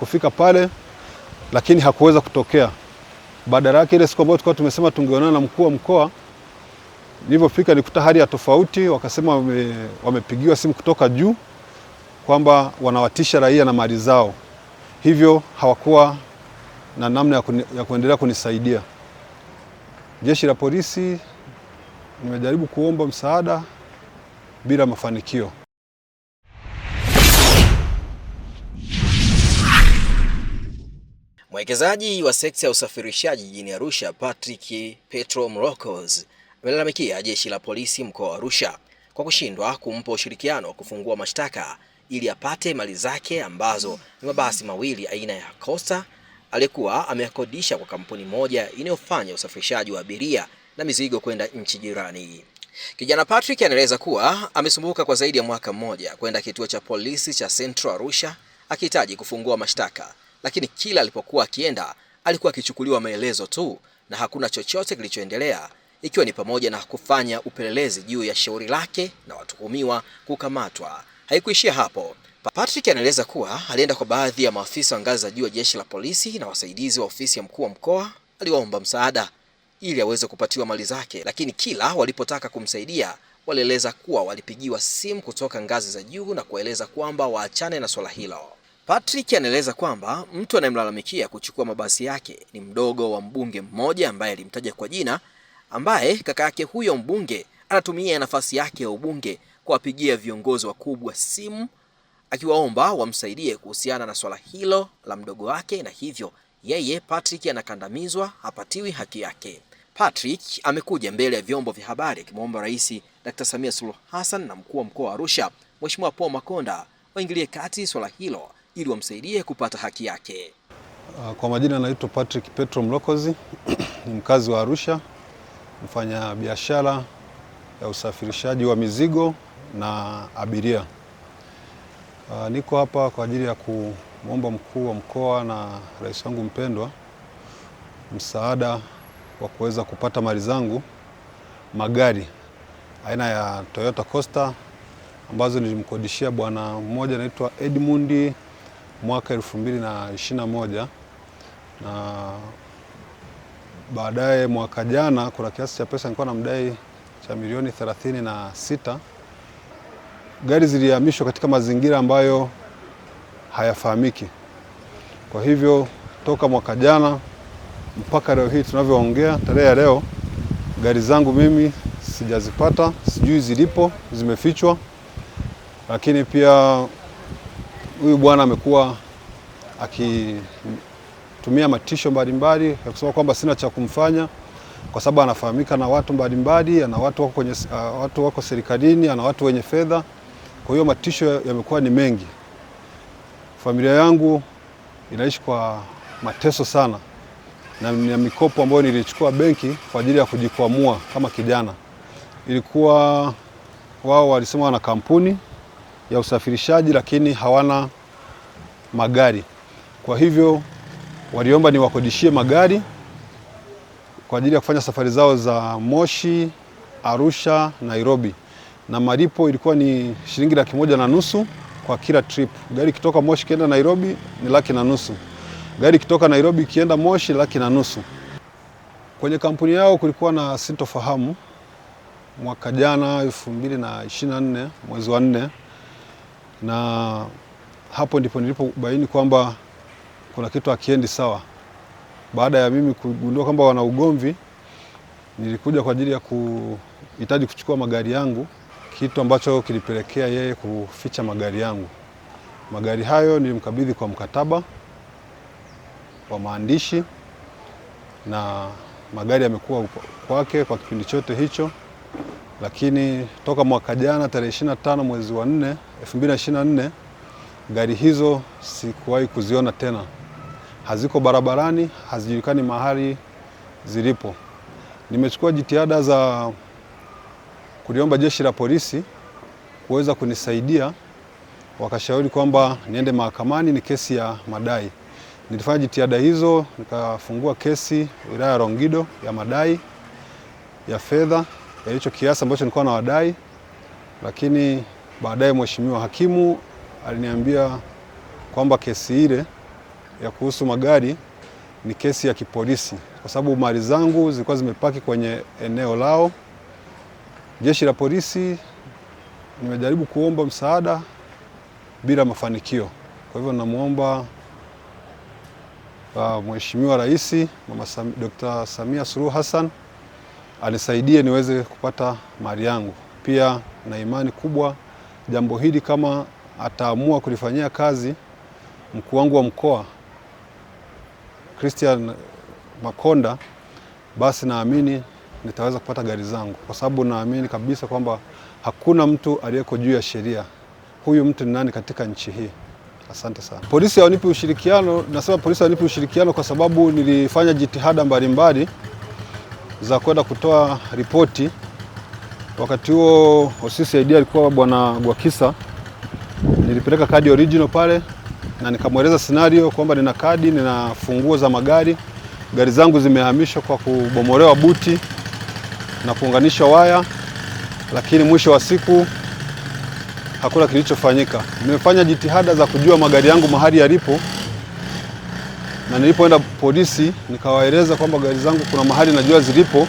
kufika pale, lakini hakuweza kutokea. Badala yake ile siku ambayo tulikuwa tumesema tungeonana na mkuu wa mkoa, nilipofika nikuta hali ya tofauti. Wakasema wame, wamepigiwa simu kutoka juu kwamba wanawatisha raia na mali zao, hivyo hawakuwa na namna ya, kuni, ya kuendelea kunisaidia. Jeshi la polisi nimejaribu kuomba msaada bila mafanikio. Mwekezaji wa sekta ya usafirishaji jijini Arusha, Patrick Petro Mrocos, amelalamikia jeshi la polisi mkoa wa Arusha kwa kushindwa kumpa ushirikiano wa kufungua mashtaka ili apate mali zake ambazo ni mabasi mawili aina ya costa aliyekuwa amekodisha kwa kampuni moja inayofanya usafirishaji wa abiria na mizigo kwenda nchi jirani. Kijana Patrick anaeleza kuwa amesumbuka kwa zaidi ya mwaka mmoja kwenda kituo cha polisi cha Central Arusha akihitaji kufungua mashtaka lakini kila alipokuwa akienda alikuwa akichukuliwa maelezo tu na hakuna chochote kilichoendelea, ikiwa ni pamoja na kufanya upelelezi juu ya shauri lake na watuhumiwa kukamatwa. Haikuishia hapo. Patrick anaeleza kuwa alienda kwa baadhi ya maafisa wa ngazi za juu ya jeshi la polisi na wasaidizi wa ofisi ya mkuu wa mkoa, aliwaomba msaada ili aweze kupatiwa mali zake, lakini kila walipotaka kumsaidia walieleza kuwa walipigiwa simu kutoka ngazi za juu na kueleza kwamba waachane na swala hilo. Patrick anaeleza kwamba mtu anayemlalamikia kuchukua mabasi yake ni mdogo wa mbunge mmoja ambaye alimtaja kwa jina, ambaye kaka yake huyo mbunge anatumia nafasi yake ya ubunge kuwapigia viongozi wakubwa simu akiwaomba wamsaidie kuhusiana na swala hilo la mdogo wake, na hivyo yeye Patrick anakandamizwa, hapatiwi haki yake. Patrick amekuja mbele ya vyombo vya habari akimwomba Rais Dr. Samia Suluhu Hassan na mkuu wa mkoa wa Arusha Mheshimiwa Paul Makonda waingilie kati swala hilo ili wamsaidie kupata haki yake. Ah, kwa majina anaitwa Patrick Petro Mlokozi ni mkazi wa Arusha, mfanya biashara ya usafirishaji wa mizigo na abiria. Ah, niko hapa kwa ajili ya kumwomba mkuu wa mkoa na rais wangu mpendwa msaada wa kuweza kupata mali zangu, magari aina ya Toyota costa ambazo nilimkodishia bwana mmoja anaitwa Edmundi mwaka elfu mbili na ishirini na moja na baadaye mwaka jana kuna kiasi cha pesa nilikuwa namdai cha milioni thelathini na sita. Gari zilihamishwa katika mazingira ambayo hayafahamiki. Kwa hivyo toka mwaka jana mpaka leo hii tunavyoongea, tarehe ya leo, gari zangu mimi sijazipata, sijui zilipo, zimefichwa, lakini pia huyu bwana amekuwa akitumia matisho mbalimbali ya kusema kwamba sina cha kumfanya kwa sababu anafahamika na watu mbalimbali, ana watu wako, kwenye, uh, watu wako serikalini, ana watu wenye fedha. Kwa hiyo matisho yamekuwa ni mengi. Familia yangu inaishi kwa mateso sana na, na mikopo ambayo nilichukua benki kwa ajili ya kujikwamua kama kijana. Ilikuwa wao walisema wana kampuni ya usafirishaji, lakini hawana magari. Kwa hivyo waliomba niwakodishie magari kwa ajili ya kufanya safari zao za Moshi, Arusha, Nairobi, na malipo ilikuwa ni shilingi laki moja na nusu kwa kila trip. Gari kitoka Moshi kienda Nairobi ni laki na nusu, gari kitoka Nairobi kienda Moshi laki na nusu. Kwenye kampuni yao kulikuwa na sintofahamu mwaka jana 2024 mwezi wa na hapo ndipo nilipobaini kwamba kuna kitu hakiendi sawa. Baada ya mimi kugundua kwamba wana ugomvi, nilikuja kwa ajili ya kuhitaji kuchukua magari yangu, kitu ambacho kilipelekea yeye kuficha magari yangu. Magari hayo nilimkabidhi kwa mkataba wa maandishi na magari yamekuwa kwake kwa kipindi chote hicho lakini toka mwaka jana tarehe 25 mwezi wa 4 2024 gari hizo sikuwahi kuziona tena, haziko barabarani, hazijulikani mahali zilipo. Nimechukua jitihada za kuliomba jeshi la polisi kuweza kunisaidia, wakashauri kwamba niende mahakamani, ni kesi ya madai. Nilifanya jitihada hizo, nikafungua kesi wilaya ya Rongido ya madai ya fedha ya hicho kiasi ambacho nilikuwa na wadai, lakini baadaye mheshimiwa hakimu aliniambia kwamba kesi ile ya kuhusu magari ni kesi ya kipolisi kwa sababu mali zangu zilikuwa zimepaki kwenye eneo lao. Jeshi la polisi nimejaribu kuomba msaada bila mafanikio. Kwa hivyo namwomba uh, Mheshimiwa Rais Mama Sam, Dr. Samia Suluhu Hassan anisaidie niweze kupata mali yangu. Pia na imani kubwa jambo hili, kama ataamua kulifanyia kazi mkuu wangu wa mkoa Christian Makonda, basi naamini nitaweza kupata gari zangu, kwa sababu naamini kabisa kwamba hakuna mtu aliyeko juu ya sheria. Huyu mtu ni nani katika nchi hii? Asante sana. Polisi hawanipi ushirikiano, nasema polisi hawanipi ushirikiano kwa sababu nilifanya jitihada mbalimbali za kwenda kutoa ripoti. Wakati huo OCCID alikuwa bwana Gwakisa. Nilipeleka kadi original pale na nikamweleza scenario kwamba nina kadi, nina funguo za magari, gari zangu zimehamishwa kwa kubomolewa buti na kuunganisha waya, lakini mwisho wa siku hakuna kilichofanyika. Nimefanya jitihada za kujua magari yangu mahali yalipo na nilipoenda polisi nikawaeleza kwamba gari zangu kuna mahali najua zilipo,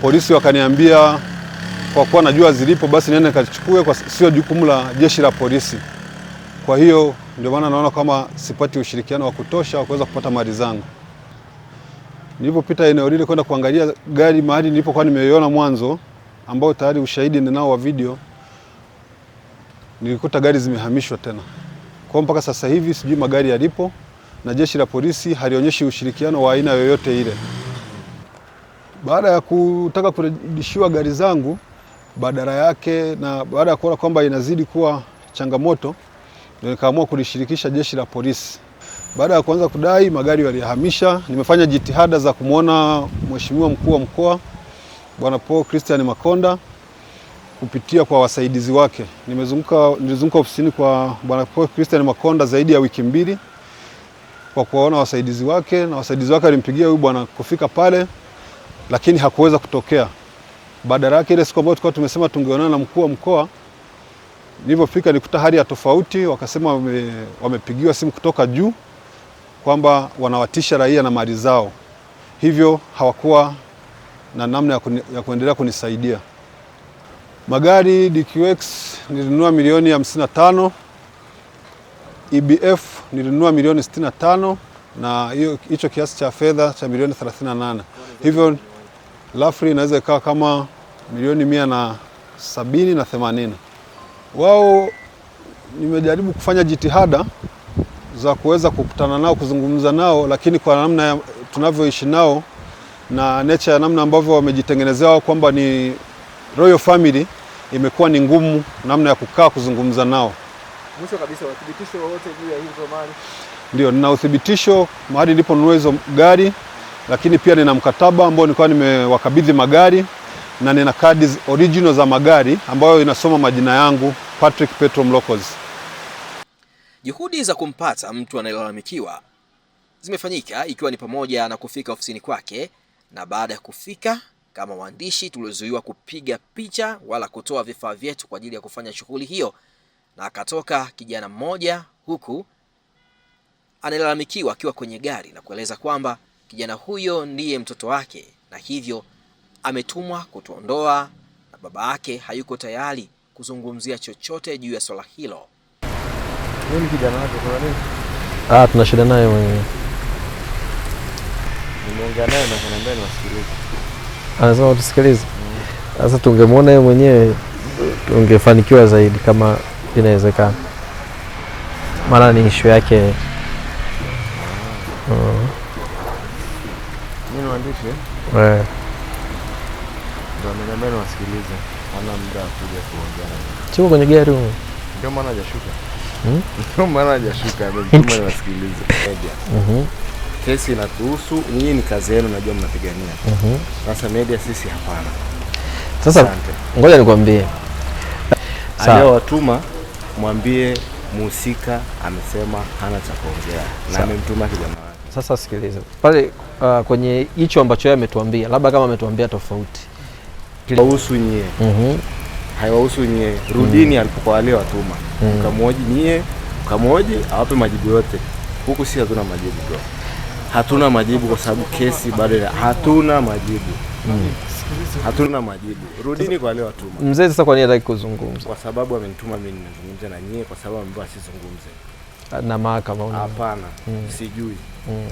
polisi wakaniambia kwa kuwa najua zilipo basi niende nikachukue, kwa sio jukumu la jeshi la polisi. Kwa hiyo ndio maana naona kama sipati ushirikiano wa kutosha wa kuweza kupata mali zangu. Nilipopita eneo lile kwenda kuangalia gari mahali nilipokuwa nimeiona mwanzo, ambao tayari ushahidi ninao wa video, nilikuta gari zimehamishwa tena. Kwa mpaka sasa hivi sijui magari yalipo na jeshi la polisi halionyeshi ushirikiano wa aina yoyote ile. Baada ya kutaka kurudishiwa gari zangu badala yake, na baada ya kuona kwamba inazidi kuwa changamoto, ndio nikaamua kulishirikisha jeshi la polisi. Baada ya kuanza kudai magari waliyahamisha. Nimefanya jitihada za kumwona Mheshimiwa mkuu wa mkoa Bwana Paul Christian Makonda kupitia kwa wasaidizi wake. Nimezunguka, nilizunguka ofisini kwa Bwana Paul Christian Makonda zaidi ya wiki mbili kwa kuwaona wasaidizi wake, na wasaidizi wake walimpigia huyu bwana kufika pale, lakini hakuweza kutokea. Badala yake ile siku ambayo tulikuwa tumesema tungeonana na mkuu wa mkoa, nilipofika nikuta hali ya tofauti. Wakasema wame, wamepigiwa simu kutoka juu kwamba wanawatisha raia na mali zao, hivyo hawakuwa na namna ya, kuni, ya kuendelea kunisaidia. Magari DQX nilinunua milioni 55 EBF nilinunua milioni 65 na hicho kiasi cha fedha cha milioni 38, hivyo Lafri inaweza ikawa kama milioni mia na sabini na themanini. Wao nimejaribu kufanya jitihada za kuweza kukutana nao, kuzungumza nao, lakini kwa namna tunavyoishi nao na nature ya namna ambavyo wamejitengenezea kwamba ni royal family, imekuwa ni ngumu namna ya kukaa kuzungumza nao. Mwisho kabisa uthibitisho wote juu ya hizo mali? Ndio, nina uthibitisho mahali niliponunua hizo gari, lakini pia nina mkataba ambao nilikuwa nimewakabidhi magari na nina kadi original za magari ambayo inasoma majina yangu Patrick Petro Mlokozi. Juhudi za kumpata mtu anayelalamikiwa zimefanyika ikiwa ni pamoja na kufika ofisini kwake, na baada ya kufika, kama waandishi tuliozuiwa kupiga picha wala kutoa vifaa vyetu kwa ajili ya kufanya shughuli hiyo na akatoka kijana mmoja huku analalamikiwa akiwa kwenye gari na kueleza kwamba kijana huyo ndiye mtoto wake na hivyo ametumwa kutuondoa na baba yake hayuko tayari kuzungumzia chochote juu ya swala hilo. Nini kijana wako nini? Ah, tuna shida naye mwenyewe. Nimeongea naye na kaniambia Anasema tusikilize. Mm. Sasa tungemwona yeye mwenyewe tungefanikiwa zaidi kama inawezekana, maana ni ishu yake Chuko eh. kwenye gari hmm? mhm. Kesi inakuhusu, nyinyi ni kazi yenu, najua mnapigania. Mhm. Sasa media sisi hapana. Sasa ngoja nikwambie. Aliyowatuma mwambie muhusika amesema hana cha kuongea na amemtuma kijana wake. Sasa sikiliza pale, uh, kwenye hicho ambacho yeye ametuambia, labda kama ametuambia tofauti, haiwahusu nyie, mhm. haiwahusu nyie. Rudini mhm. alipokuwa wale watuma, mkamwoji mhm. nyie, mkamwoji awape majibu yote. Huku si hatuna majibu bro, hatuna majibu kwa sababu kesi bado, hatuna majibu mm hatuna majibu. Rudini kwa leo watuma. Mzee sasa kwa nini hataki kuzungumza? Kwa sababu amenituma mimi nizungumze na nyie, kwa sababu ambayo asizungumze na mahakama. Hapana, mm. sijui mm.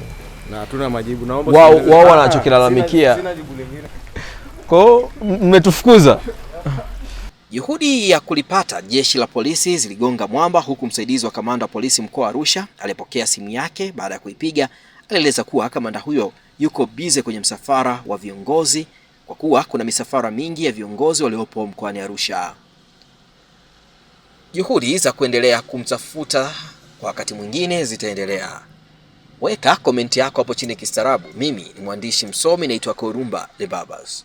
na hatuna majibu. Naomba wao wao ah, wanachokilalamikia, sina jibu lingine kwao, mmetufukuza Juhudi ya kulipata jeshi la polisi ziligonga mwamba, huku msaidizi wa kamanda wa polisi mkoa wa Arusha alipokea simu yake. Baada ya kuipiga, alieleza kuwa kamanda huyo yuko bize kwenye msafara wa viongozi kwa kuwa kuna misafara mingi ya viongozi waliopo mkoani Arusha. Juhudi za kuendelea kumtafuta kwa wakati mwingine zitaendelea. Weka komenti yako hapo chini kistaarabu. Mimi ni mwandishi msomi, naitwa Korumba Lebabas.